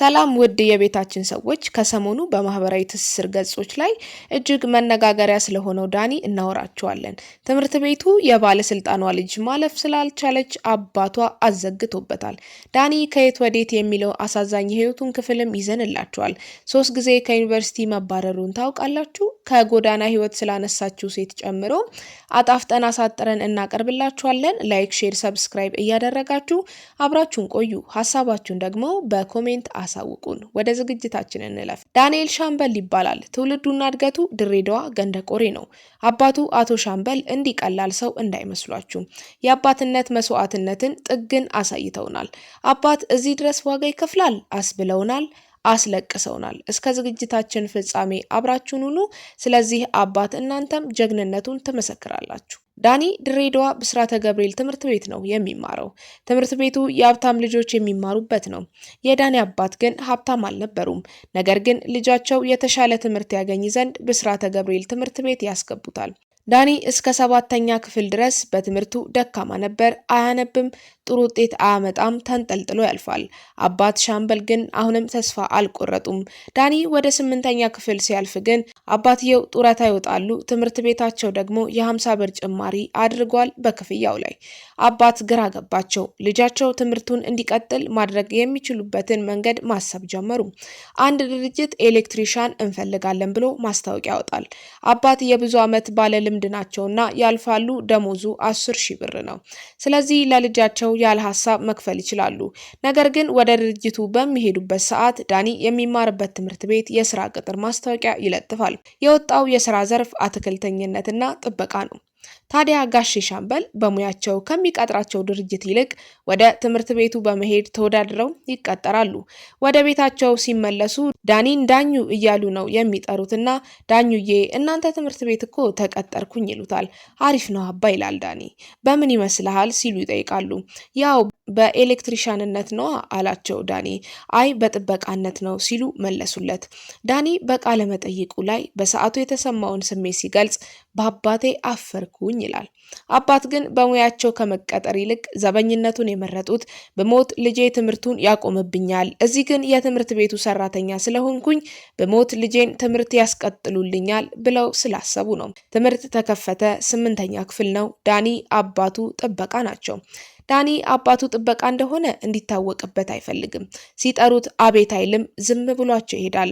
ሰላም ውድ የቤታችን ሰዎች፣ ከሰሞኑ በማህበራዊ ትስስር ገጾች ላይ እጅግ መነጋገሪያ ስለሆነው ዳኒ እናወራቸዋለን። ትምህርት ቤቱ የባለስልጣኗ ልጅ ማለፍ ስላልቻለች አባቷ አዘግቶበታል። ዳኒ ከየት ወዴት የሚለው አሳዛኝ የህይወቱን ክፍልም ይዘንላቸዋል። ሶስት ጊዜ ከዩኒቨርሲቲ መባረሩን ታውቃላችሁ? ከጎዳና ህይወት ስላነሳችው ሴት ጨምሮ አጣፍጠን አሳጥረን እናቀርብላችኋለን። ላይክ፣ ሼር፣ ሰብስክራይብ እያደረጋችሁ አብራችሁን ቆዩ። ሀሳባችሁን ደግሞ በኮሜንት አሳውቁን። ወደ ዝግጅታችን እንለፍ። ዳንኤል ሻምበል ይባላል። ትውልዱና እድገቱ ድሬዳዋ ገንደ ቆሬ ነው። አባቱ አቶ ሻምበል እንዲህ ቀላል ሰው እንዳይመስሏችሁ የአባትነት መስዋዕትነትን ጥግን አሳይተውናል። አባት እዚህ ድረስ ዋጋ ይከፍላል አስብለውናል። አስለቅሰውናል። እስከ ዝግጅታችን ፍጻሜ አብራችሁን ሁኑ። ስለዚህ አባት እናንተም ጀግንነቱን ትመሰክራላችሁ። ዳኒ ድሬዳዋ ብስራተ ገብርኤል ትምህርት ቤት ነው የሚማረው። ትምህርት ቤቱ የሀብታም ልጆች የሚማሩበት ነው። የዳኒ አባት ግን ሀብታም አልነበሩም። ነገር ግን ልጃቸው የተሻለ ትምህርት ያገኝ ዘንድ ብስራተ ገብርኤል ትምህርት ቤት ያስገቡታል። ዳኒ እስከ ሰባተኛ ክፍል ድረስ በትምህርቱ ደካማ ነበር። አያነብም፣ ጥሩ ውጤት አያመጣም፣ ተንጠልጥሎ ያልፋል። አባት ሻምበል ግን አሁንም ተስፋ አልቆረጡም። ዳኒ ወደ ስምንተኛ ክፍል ሲያልፍ ግን አባትየው ጡረታ ይወጣሉ። ትምህርት ቤታቸው ደግሞ የሀምሳ ብር ጭማሪ አድርጓል በክፍያው ላይ። አባት ግራ ገባቸው። ልጃቸው ትምህርቱን እንዲቀጥል ማድረግ የሚችሉበትን መንገድ ማሰብ ጀመሩ። አንድ ድርጅት ኤሌክትሪሻን እንፈልጋለን ብሎ ማስታወቂያ ያወጣል። አባት የብዙ ዓመት ባለ ልምድ ናቸውና ያልፋሉ። ደሞዙ አስር ሺህ ብር ነው። ስለዚህ ለልጃቸው ራሳቸው ያለ ሀሳብ መክፈል ይችላሉ። ነገር ግን ወደ ድርጅቱ በሚሄዱበት ሰዓት ዳኒ የሚማርበት ትምህርት ቤት የስራ ቅጥር ማስታወቂያ ይለጥፋል። የወጣው የስራ ዘርፍ አትክልተኝነትና ጥበቃ ነው። ታዲያ ጋሼ ሻምበል በሙያቸው ከሚቀጥራቸው ድርጅት ይልቅ ወደ ትምህርት ቤቱ በመሄድ ተወዳድረው ይቀጠራሉ። ወደ ቤታቸው ሲመለሱ ዳኒን ዳኙ እያሉ ነው የሚጠሩትና ዳኙዬ እናንተ ትምህርት ቤት እኮ ተቀጠርኩኝ ይሉታል። አሪፍ ነው አባ ይላል ዳኒ። በምን ይመስልሃል ሲሉ ይጠይቃሉ። ያው በኤሌክትሪሻንነት ነው አላቸው ዳኒ። አይ በጥበቃነት ነው ሲሉ መለሱለት። ዳኒ በቃለ መጠይቁ ላይ በሰዓቱ የተሰማውን ስሜት ሲገልጽ በአባቴ አፈርኩኝ ይላል። አባት ግን በሙያቸው ከመቀጠር ይልቅ ዘበኝነቱን የመረጡት በሞት ልጄ ትምህርቱን ያቆምብኛል፣ እዚህ ግን የትምህርት ቤቱ ሰራተኛ ስለሆንኩኝ በሞት ልጄን ትምህርት ያስቀጥሉልኛል ብለው ስላሰቡ ነው። ትምህርት ተከፈተ። ስምንተኛ ክፍል ነው። ዳኒ አባቱ ጥበቃ ናቸው። ዳኒ አባቱ ጥበቃ እንደሆነ እንዲታወቅበት አይፈልግም። ሲጠሩት አቤት አይልም፣ ዝም ብሏቸው ይሄዳል።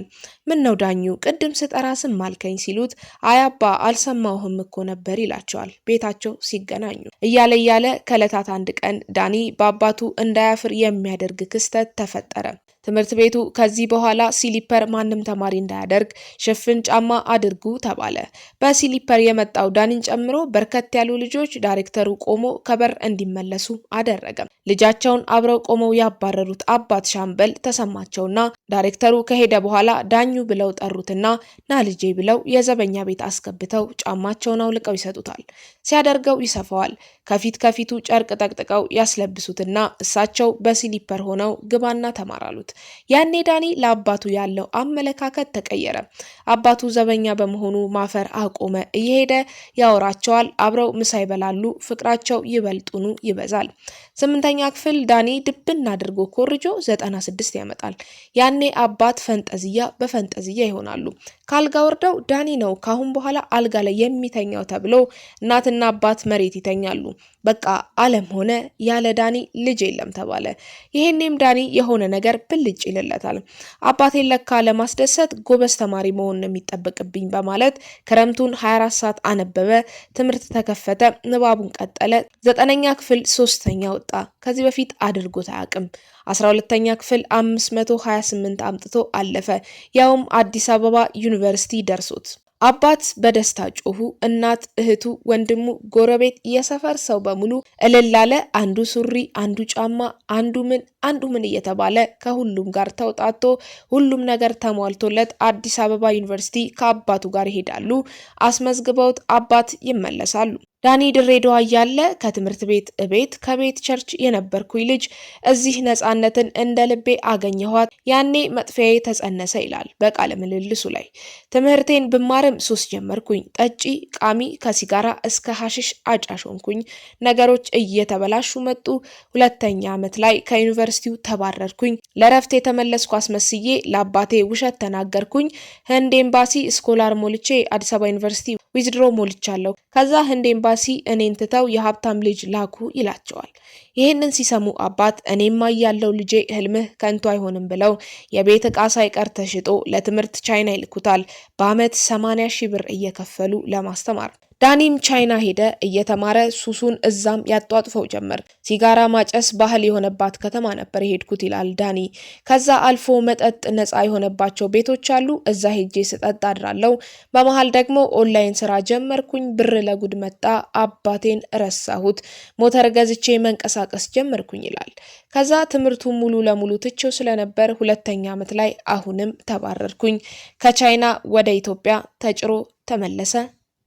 ምን ነው ዳኙ ቅድም ስጠራ ስም አልከኝ ሲሉት አይ አባ አልሰማሁህም እኮ ነበር ይላቸዋል። ቤታቸው ሲገናኙ እያለ እያለ ከእለታት አንድ ቀን ዳኒ በአባቱ እንዳያፍር የሚያደርግ ክስተት ተፈጠረ። ትምህርት ቤቱ ከዚህ በኋላ ሲሊፐር ማንም ተማሪ እንዳያደርግ ሽፍን ጫማ አድርጉ ተባለ። በሲሊፐር የመጣው ዳኒን ጨምሮ በርከት ያሉ ልጆች ዳይሬክተሩ ቆሞ ከበር እንዲመለሱ አደረገም። ልጃቸውን አብረው ቆመው ያባረሩት አባት ሻምበል ተሰማቸውና ዳይሬክተሩ ከሄደ በኋላ ዳኙ ብለው ጠሩትና ና ልጄ ብለው የዘበኛ ቤት አስገብተው ጫማቸውን አውልቀው ይሰጡታል። ሲያደርገው ይሰፋዋል። ከፊት ከፊቱ ጨርቅ ጠቅጥቀው ያስለብሱትና እሳቸው በሲሊፐር ሆነው ግባና ተማራሉት። ያሉት። ያኔ ዳኒ ለአባቱ ያለው አመለካከት ተቀየረ። አባቱ ዘበኛ በመሆኑ ማፈር አቆመ። እየሄደ ያወራቸዋል፣ አብረው ምሳ ይበላሉ። ፍቅራቸው ይበልጡኑ ይበዛል። ስምንተኛ ክፍል ዳኒ ድብና አድርጎ ኮርጆ 96 ያመጣል። ያኔ አባት ፈንጠዝያ በፈንጠዝያ ይሆናሉ። ከአልጋ ወርደው ዳኒ ነው ካሁን በኋላ አልጋ ላይ የሚተኛው ተብሎ እናትና አባት መሬት ይተኛሉ። በቃ አለም ሆነ። ያለ ዳኒ ልጅ የለም ተባለ። ይሄኔም ዳኒ የሆነ ነገር ብልጭ ይልለታል። አባቴን ለካ ለማስደሰት ጎበዝ ተማሪ መሆን ነው የሚጠበቅብኝ በማለት ክረምቱን 24 ሰዓት አነበበ። ትምህርት ተከፈተ። ንባቡን ቀጠለ። ዘጠነኛ ክፍል ሶስተኛ ወጣ። ከዚህ በፊት አድርጎት አያውቅም። 12ኛ ክፍል 528 አምጥቶ አለፈ። ያውም አዲስ አበባ ዩኒቨርሲቲ ደርሶት አባት በደስታ ጮሁ። እናት፣ እህቱ፣ ወንድሙ፣ ጎረቤት፣ የሰፈር ሰው በሙሉ እልል አለ። አንዱ ሱሪ፣ አንዱ ጫማ፣ አንዱ ምን አንዱ ምን እየተባለ ከሁሉም ጋር ተውጣቶ ሁሉም ነገር ተሟልቶለት አዲስ አበባ ዩኒቨርሲቲ ከአባቱ ጋር ይሄዳሉ። አስመዝግበውት አባት ይመለሳሉ። ዳኒ ድሬዳዋ እያለ ከትምህርት ቤት እቤት ከቤት ቸርች የነበርኩኝ ልጅ እዚህ ነፃነትን እንደ ልቤ አገኘኋት፣ ያኔ መጥፊያዬ ተጸነሰ ይላል በቃለ ምልልሱ ላይ። ትምህርቴን ብማርም ሱስ ጀመርኩኝ፣ ጠጪ፣ ቃሚ፣ ከሲጋራ እስከ ሀሽሽ አጫሽ ሆንኩኝ። ነገሮች እየተበላሹ መጡ። ሁለተኛ ዓመት ላይ ከዩኒቨርሲቲው ተባረርኩኝ። ለረፍት የተመለስኩ አስመስዬ ለአባቴ ውሸት ተናገርኩኝ። ህንድ ኤምባሲ ስኮላር ሞልቼ አዲስ አበባ ዩኒቨርሲቲ ዊዝድሮ ሞልቻለሁ፣ ከዛ ህንድ ኤምባሲ እኔን ትተው የሀብታም ልጅ ላኩ ይላቸዋል። ይህንን ሲሰሙ አባት እኔማ ያለው ልጄ ህልምህ ከንቱ አይሆንም ብለው የቤት ዕቃ ሳይቀር ተሽጦ ለትምህርት ቻይና ይልኩታል። በአመት 80 ሺህ ብር እየከፈሉ ለማስተማር ነው። ዳኒም ቻይና ሄደ እየተማረ ሱሱን እዛም ያጧጥፈው ጀመር። ሲጋራ ማጨስ ባህል የሆነባት ከተማ ነበር የሄድኩት ይላል ዳኒ። ከዛ አልፎ መጠጥ ነፃ የሆነባቸው ቤቶች አሉ። እዛ ሄጄ ስጠጥ አድራለሁ። በመሀል ደግሞ ኦንላይን ስራ ጀመርኩኝ። ብር ለጉድ መጣ። አባቴን ረሳሁት። ሞተር ገዝቼ መንቀሳቀስ ጀመርኩኝ ይላል። ከዛ ትምህርቱን ሙሉ ለሙሉ ትቼው ስለነበር ሁለተኛ ዓመት ላይ አሁንም ተባረርኩኝ። ከቻይና ወደ ኢትዮጵያ ተጭሮ ተመለሰ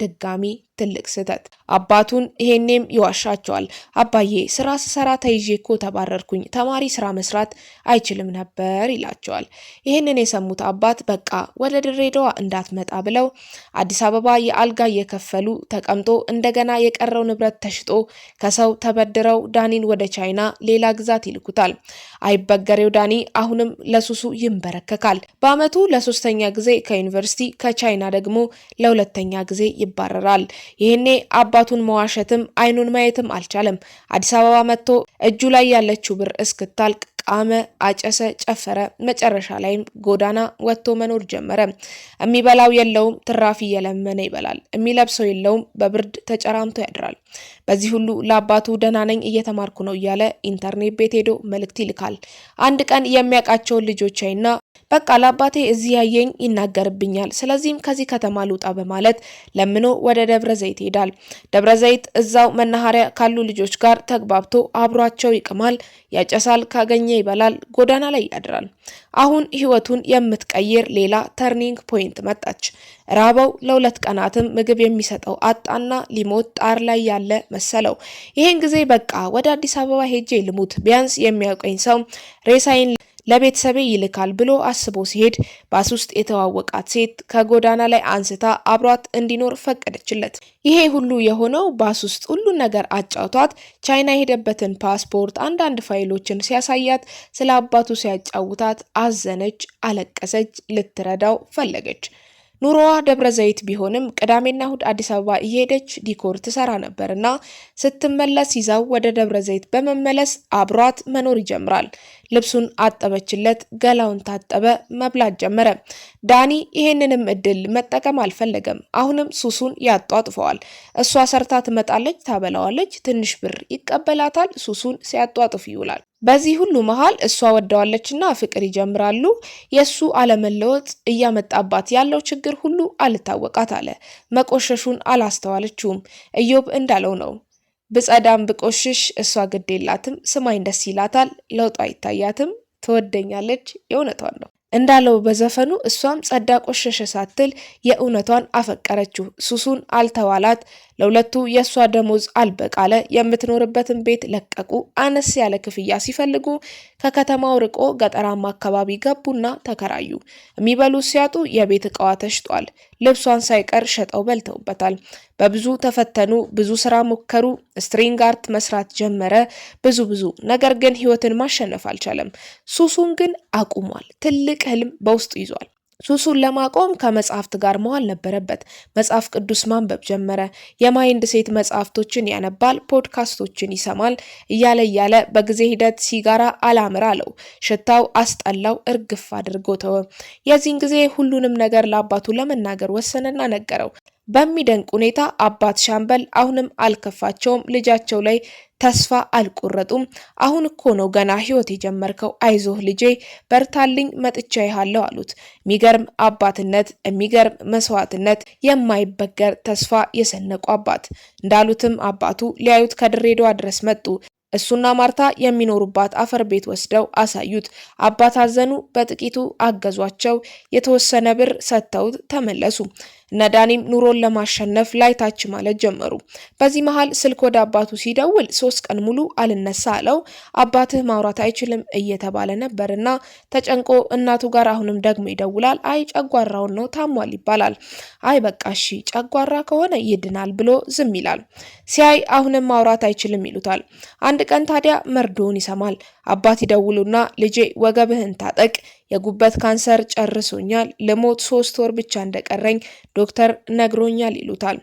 ድጋሚ ትልቅ ስህተት። አባቱን ይሄኔም ይዋሻቸዋል። አባዬ ስራ ስሰራ ተይዤ እኮ ተባረርኩኝ፣ ተማሪ ስራ መስራት አይችልም ነበር ይላቸዋል። ይህንን የሰሙት አባት በቃ ወደ ድሬዳዋ እንዳትመጣ ብለው አዲስ አበባ የአልጋ እየከፈሉ ተቀምጦ እንደገና የቀረው ንብረት ተሽጦ ከሰው ተበድረው ዳኒን ወደ ቻይና ሌላ ግዛት ይልኩታል። አይበገሬው ዳኒ አሁንም ለሱሱ ይንበረከካል። በአመቱ ለሶስተኛ ጊዜ ከዩኒቨርሲቲ ከቻይና ደግሞ ለሁለተኛ ጊዜ ይባረራል። ይህኔ አባቱን መዋሸትም አይኑን ማየትም አልቻለም። አዲስ አበባ መጥቶ እጁ ላይ ያለችው ብር እስክታልቅ ቃመ፣ አጨሰ፣ ጨፈረ። መጨረሻ ላይም ጎዳና ወጥቶ መኖር ጀመረ። የሚበላው የለውም፣ ትራፊ እየለመነ ይበላል። የሚለብሰው የለውም፣ በብርድ ተጨራምቶ ያድራል። በዚህ ሁሉ ለአባቱ ደህና ነኝ እየተማርኩ ነው እያለ ኢንተርኔት ቤት ሄዶ መልእክት ይልካል። አንድ ቀን የሚያውቃቸውን ልጆች አይና በቃ ለአባቴ እዚህ ያየኝ ይናገርብኛል፣ ስለዚህም ከዚህ ከተማ ልውጣ በማለት ለምኖ ወደ ደብረ ዘይት ይሄዳል። ደብረ ዘይት እዛው መናኸሪያ ካሉ ልጆች ጋር ተግባብቶ አብሯቸው ይቅማል፣ ያጨሳል፣ ካገኘ ይበላል፣ ጎዳና ላይ ያድራል። አሁን ህይወቱን የምትቀይር ሌላ ተርኒንግ ፖይንት መጣች። ራበው ለሁለት ቀናትም ምግብ የሚሰጠው አጣና ሊሞት ጣር ላይ ያለ መሰለው። ይሄን ጊዜ በቃ ወደ አዲስ አበባ ሄጄ ልሙት፣ ቢያንስ የሚያውቀኝ ሰው ሬሳይን ለቤተሰቤ ይልካል ብሎ አስቦ ሲሄድ ባስ ውስጥ የተዋወቃት ሴት ከጎዳና ላይ አንስታ አብሯት እንዲኖር ፈቀደችለት። ይሄ ሁሉ የሆነው ባስ ውስጥ ሁሉን ነገር አጫውቷት፣ ቻይና የሄደበትን ፓስፖርት፣ አንዳንድ ፋይሎችን ሲያሳያት፣ ስለ አባቱ ሲያጫውታት አዘነች፣ አለቀሰች፣ ልትረዳው ፈለገች። ኑሮዋ ደብረ ዘይት ቢሆንም ቅዳሜና እሁድ አዲስ አበባ እየሄደች ዲኮር ትሰራ ነበርና ስትመለስ ይዛው ወደ ደብረ ዘይት በመመለስ አብሯት መኖር ይጀምራል። ልብሱን አጠበችለት፣ ገላውን ታጠበ፣ መብላት ጀመረ። ዳኒ ይሄንንም እድል መጠቀም አልፈለገም። አሁንም ሱሱን ያጧጥፈዋል። እሷ ሰርታ ትመጣለች፣ ታበላዋለች፣ ትንሽ ብር ይቀበላታል፣ ሱሱን ሲያጧጥፍ ይውላል። በዚህ ሁሉ መሀል እሷ ወደዋለችና ፍቅር ይጀምራሉ። የእሱ አለመለወጥ እያመጣባት ያለው ችግር ሁሉ አልታወቃት አለ። መቆሸሹን አላስተዋለችውም። እዮብ እንዳለው ነው። ብጸዳም ብቆሽሽ እሷ ግድ የላትም፣ ስማኝ ደስ ይላታል፣ ለውጡ አይታያትም፣ ትወደኛለች፣ የእውነቷን ነው እንዳለው በዘፈኑ እሷም ጸዳ ቆሸሸ ሳትል የእውነቷን አፈቀረችው። ሱሱን አልተዋላት፣ ለሁለቱ የእሷ ደሞዝ አልበቃለ። የምትኖርበትን ቤት ለቀቁ። አነስ ያለ ክፍያ ሲፈልጉ ከከተማው ርቆ ገጠራማ አካባቢ ገቡና ተከራዩ። የሚበሉ ሲያጡ የቤት እቃዋ ተሽጧል። ልብሷን ሳይቀር ሸጠው በልተውበታል። በብዙ ተፈተኑ። ብዙ ስራ ሞከሩ። ስትሪንግ አርት መስራት ጀመረ። ብዙ ብዙ ነገር ግን ህይወትን ማሸነፍ አልቻለም። ሱሱን ግን አቁሟል። ትልቅ ህልም በውስጡ ይዟል። ሱሱን ለማቆም ከመጽሐፍት ጋር መዋል ነበረበት። መጽሐፍ ቅዱስ ማንበብ ጀመረ። የማይንድ ሴት መጽሐፍቶችን ያነባል፣ ፖድካስቶችን ይሰማል። እያለ እያለ በጊዜ ሂደት ሲጋራ አላምር አለው። ሽታው አስጠላው፣ እርግፍ አድርጎ ተወ። የዚህን ጊዜ ሁሉንም ነገር ለአባቱ ለመናገር ወሰነና ነገረው። በሚደንቅ ሁኔታ አባት ሻምበል አሁንም አልከፋቸውም። ልጃቸው ላይ ተስፋ አልቆረጡም። አሁን እኮ ነው ገና ህይወት የጀመርከው፣ አይዞህ ልጄ በርታልኝ፣ መጥቻ ይሃለሁ አሉት። የሚገርም አባትነት፣ የሚገርም መስዋዕትነት፣ የማይበገር ተስፋ የሰነቁ አባት። እንዳሉትም አባቱ ሊያዩት ከድሬዳዋ ድረስ መጡ። እሱና ማርታ የሚኖሩባት አፈር ቤት ወስደው አሳዩት። አባት አዘኑ፣ በጥቂቱ አገዟቸው። የተወሰነ ብር ሰጥተውት ተመለሱ። እነ ዳኒም ኑሮን ለማሸነፍ ላይታች ማለት ጀመሩ። በዚህ መሀል ስልክ ወደ አባቱ ሲደውል ሶስት ቀን ሙሉ አልነሳ አለው። አባትህ ማውራት አይችልም እየተባለ ነበር እና ተጨንቆ እናቱ ጋር አሁንም ደግሞ ይደውላል። አይ ጨጓራውን ነው ታሟል ይባላል። አይ በቃ እሺ ጨጓራ ከሆነ ይድናል ብሎ ዝም ይላል። ሲያይ አሁንም ማውራት አይችልም ይሉታል። አንድ ቀን ታዲያ መርዶውን ይሰማል። አባት ይደውሉና ልጄ ወገብህን ታጠቅ የጉበት ካንሰር ጨርሶኛል፣ ለሞት ሶስት ወር ብቻ እንደቀረኝ ዶክተር ነግሮኛል ይሉታል።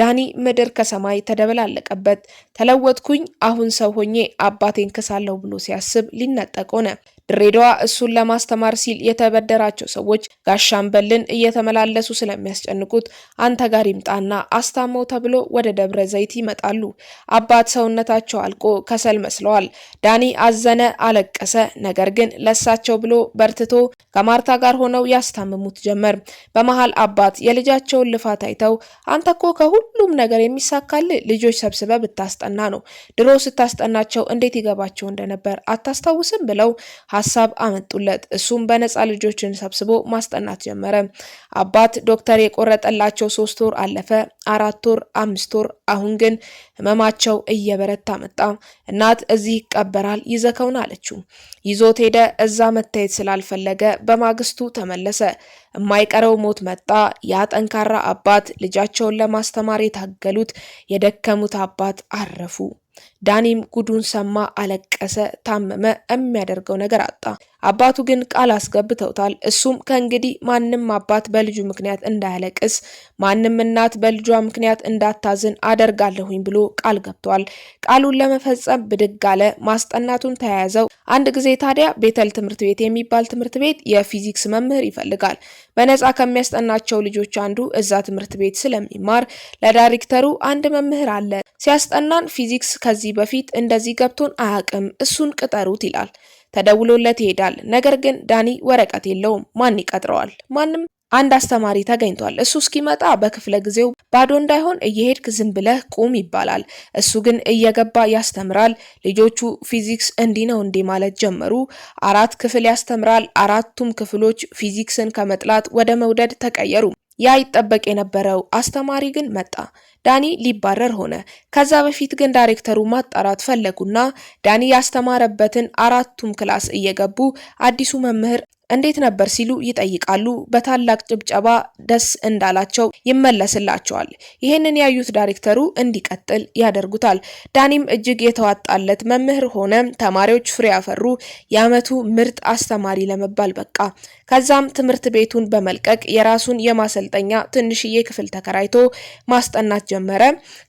ዳኒ ምድር ከሰማይ ተደበላለቀበት። ተለወጥኩኝ፣ አሁን ሰው ሆኜ አባቴን ክሳለሁ ብሎ ሲያስብ ሊነጠቅ ሆነ። ድሬዳዋ እሱን ለማስተማር ሲል የተበደራቸው ሰዎች ጋሻምበልን እየተመላለሱ ስለሚያስጨንቁት አንተ ጋር ይምጣና አስታመው ተብሎ ወደ ደብረ ዘይት ይመጣሉ። አባት ሰውነታቸው አልቆ ከሰል መስለዋል። ዳኒ አዘነ፣ አለቀሰ። ነገር ግን ለሳቸው ብሎ በርትቶ ከማርታ ጋር ሆነው ያስታምሙት ጀመር። በመሃል አባት የልጃቸውን ልፋት አይተው አንተ እኮ ከሁሉም ነገር የሚሳካል ልጆች ሰብስበ ብታስጠና ነው። ድሮ ስታስጠናቸው እንዴት ይገባቸው እንደነበር አታስታውስም ብለው ሀሳብ አመጡለት። እሱም በነፃ ልጆችን ሰብስቦ ማስጠናት ጀመረ። አባት ዶክተር የቆረጠላቸው ሶስት ወር አለፈ፣ አራት ወር፣ አምስት ወር። አሁን ግን ህመማቸው እየበረታ መጣ። እናት እዚህ ይቀበራል ይዘከውን አለችው። ይዞት ሄደ። እዛ መታየት ስላልፈለገ በማግስቱ ተመለሰ። የማይቀረው ሞት መጣ። ያ ጠንካራ አባት ልጃቸውን ለማስተማር የታገሉት የደከሙት አባት አረፉ። ዳኒም ጉዱን ሰማ፣ አለቀሰ፣ ታመመ፣ የሚያደርገው ነገር አጣ። አባቱ ግን ቃል አስገብተውታል። እሱም ከእንግዲህ ማንም አባት በልጁ ምክንያት እንዳያለቅስ፣ ማንም እናት በልጇ ምክንያት እንዳታዝን አደርጋለሁኝ ብሎ ቃል ገብቷል። ቃሉን ለመፈጸም ብድግ አለ። ማስጠናቱን ተያያዘው። አንድ ጊዜ ታዲያ ቤተል ትምህርት ቤት የሚባል ትምህርት ቤት የፊዚክስ መምህር ይፈልጋል። በነፃ ከሚያስጠናቸው ልጆች አንዱ እዛ ትምህርት ቤት ስለሚማር ለዳይሬክተሩ አንድ መምህር አለ፣ ሲያስጠናን ፊዚክስ ከዚህ በፊት እንደዚህ ገብቶን አያውቅም፣ እሱን ቅጠሩት ይላል። ተደውሎለት ይሄዳል። ነገር ግን ዳኒ ወረቀት የለውም። ማን ይቀጥረዋል? ማንም አንድ አስተማሪ ተገኝቷል። እሱ እስኪመጣ በክፍለ ጊዜው ባዶ እንዳይሆን እየሄድክ ዝም ብለህ ቁም ይባላል። እሱ ግን እየገባ ያስተምራል። ልጆቹ ፊዚክስ እንዲህ ነው እንዴ ማለት ጀመሩ። አራት ክፍል ያስተምራል። አራቱም ክፍሎች ፊዚክስን ከመጥላት ወደ መውደድ ተቀየሩ። ያ ይጠበቅ የነበረው አስተማሪ ግን መጣ። ዳኒ ሊባረር ሆነ። ከዛ በፊት ግን ዳይሬክተሩ ማጣራት ፈለጉና ዳኒ ያስተማረበትን አራቱም ክላስ እየገቡ አዲሱ መምህር እንዴት ነበር ሲሉ ይጠይቃሉ። በታላቅ ጭብጨባ ደስ እንዳላቸው ይመለስላቸዋል። ይህንን ያዩት ዳይሬክተሩ እንዲቀጥል ያደርጉታል። ዳኒም እጅግ የተዋጣለት መምህር ሆነ። ተማሪዎች ፍሬ ያፈሩ፣ የአመቱ ምርጥ አስተማሪ ለመባል በቃ። ከዛም ትምህርት ቤቱን በመልቀቅ የራሱን የማሰልጠኛ ትንሽዬ ክፍል ተከራይቶ ማስጠናት ጀመረ።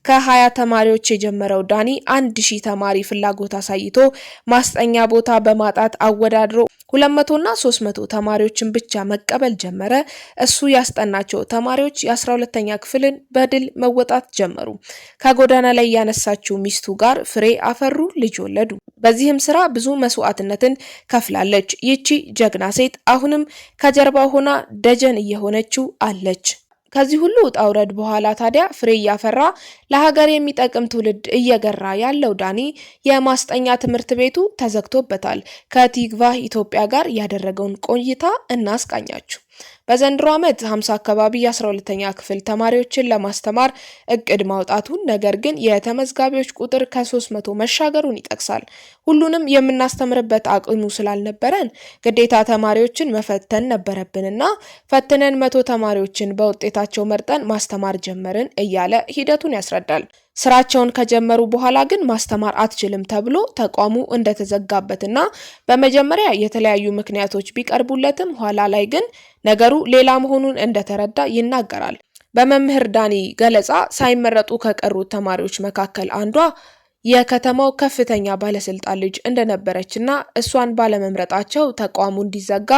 ከሀያ ተማሪዎች የጀመረው ዳኒ አንድ ሺህ ተማሪ ፍላጎት አሳይቶ ማስጠኛ ቦታ በማጣት አወዳድሮ ሁለት መቶና ሶስት መቶ ተማሪዎችን ብቻ መቀበል ጀመረ። እሱ ያስጠናቸው ተማሪዎች የአስራ ሁለተኛ ክፍልን በድል መወጣት ጀመሩ። ከጎዳና ላይ ያነሳችው ሚስቱ ጋር ፍሬ አፈሩ፣ ልጅ ወለዱ። በዚህም ስራ ብዙ መስዋዕትነትን ከፍላለች። ይቺ ጀግና ሴት አሁንም ከጀርባ ሆና ደጀን እየሆነችው አለች። ከዚህ ሁሉ ውጣ ውረድ በኋላ ታዲያ ፍሬ እያፈራ ለሀገር የሚጠቅም ትውልድ እየገራ ያለው ዳኒ የማስጠኛ ትምህርት ቤቱ ተዘግቶበታል። ከቲግቫህ ኢትዮጵያ ጋር ያደረገውን ቆይታ እናስቃኛችሁ። በዘንድሮ ዓመት 50 አካባቢ የ12ተኛ ክፍል ተማሪዎችን ለማስተማር እቅድ ማውጣቱን ነገር ግን የተመዝጋቢዎች ቁጥር ከ300 መሻገሩን ይጠቅሳል። ሁሉንም የምናስተምርበት አቅሙ ስላልነበረን ግዴታ ተማሪዎችን መፈተን ነበረብንና ፈትነን መቶ ተማሪዎችን በውጤታቸው መርጠን ማስተማር ጀመርን እያለ ሂደቱን ያስረዳል። ስራቸውን ከጀመሩ በኋላ ግን ማስተማር አትችልም ተብሎ ተቋሙ እንደተዘጋበትና በመጀመሪያ የተለያዩ ምክንያቶች ቢቀርቡለትም ኋላ ላይ ግን ነገሩ ሌላ መሆኑን እንደተረዳ ይናገራል። በመምህር ዳኒ ገለጻ ሳይመረጡ ከቀሩት ተማሪዎች መካከል አንዷ የከተማው ከፍተኛ ባለስልጣን ልጅ እንደነበረችና እሷን ባለመምረጣቸው ተቋሙ እንዲዘጋ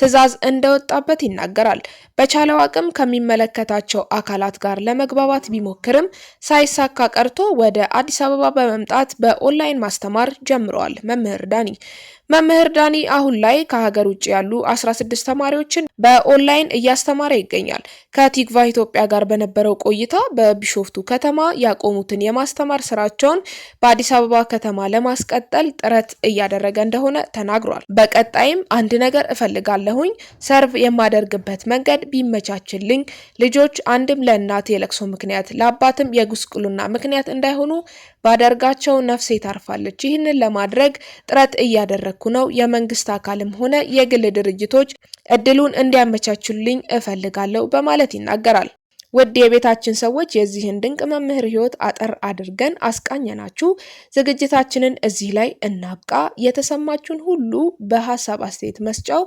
ትዕዛዝ እንደወጣበት ይናገራል። በቻለው አቅም ከሚመለከታቸው አካላት ጋር ለመግባባት ቢሞክርም ሳይሳካ ቀርቶ ወደ አዲስ አበባ በመምጣት በኦንላይን ማስተማር ጀምረዋል። መምህር ዳኒ መምህር ዳኒ አሁን ላይ ከሀገር ውጭ ያሉ 16 ተማሪዎችን በኦንላይን እያስተማረ ይገኛል። ከቲግቫ ኢትዮጵያ ጋር በነበረው ቆይታ በቢሾፍቱ ከተማ ያቆሙትን የማስተማር ስራቸውን በአዲስ አበባ ከተማ ለማስቀጠል ጥረት እያደረገ እንደሆነ ተናግሯል። በቀጣይም አንድ ነገር እፈልጋለሁኝ፣ ሰርቭ የማደርግበት መንገድ ቢመቻችልኝ፣ ልጆች አንድም ለእናት የለቅሶ ምክንያት ለአባትም የጉስቁልና ምክንያት እንዳይሆኑ ባደርጋቸው ነፍሴ ታርፋለች። ይህንን ለማድረግ ጥረት እያደረገ እያደረግኩ ነው። የመንግስት አካልም ሆነ የግል ድርጅቶች እድሉን እንዲያመቻቹልኝ እፈልጋለሁ በማለት ይናገራል። ውድ የቤታችን ሰዎች የዚህን ድንቅ መምህር ህይወት አጠር አድርገን አስቃኘናችሁ። ዝግጅታችንን እዚህ ላይ እናብቃ። የተሰማችሁን ሁሉ በሀሳብ አስተያየት መስጫው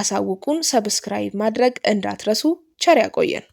አሳውቁን። ሰብስክራይብ ማድረግ እንዳትረሱ። ቸር ያቆየን።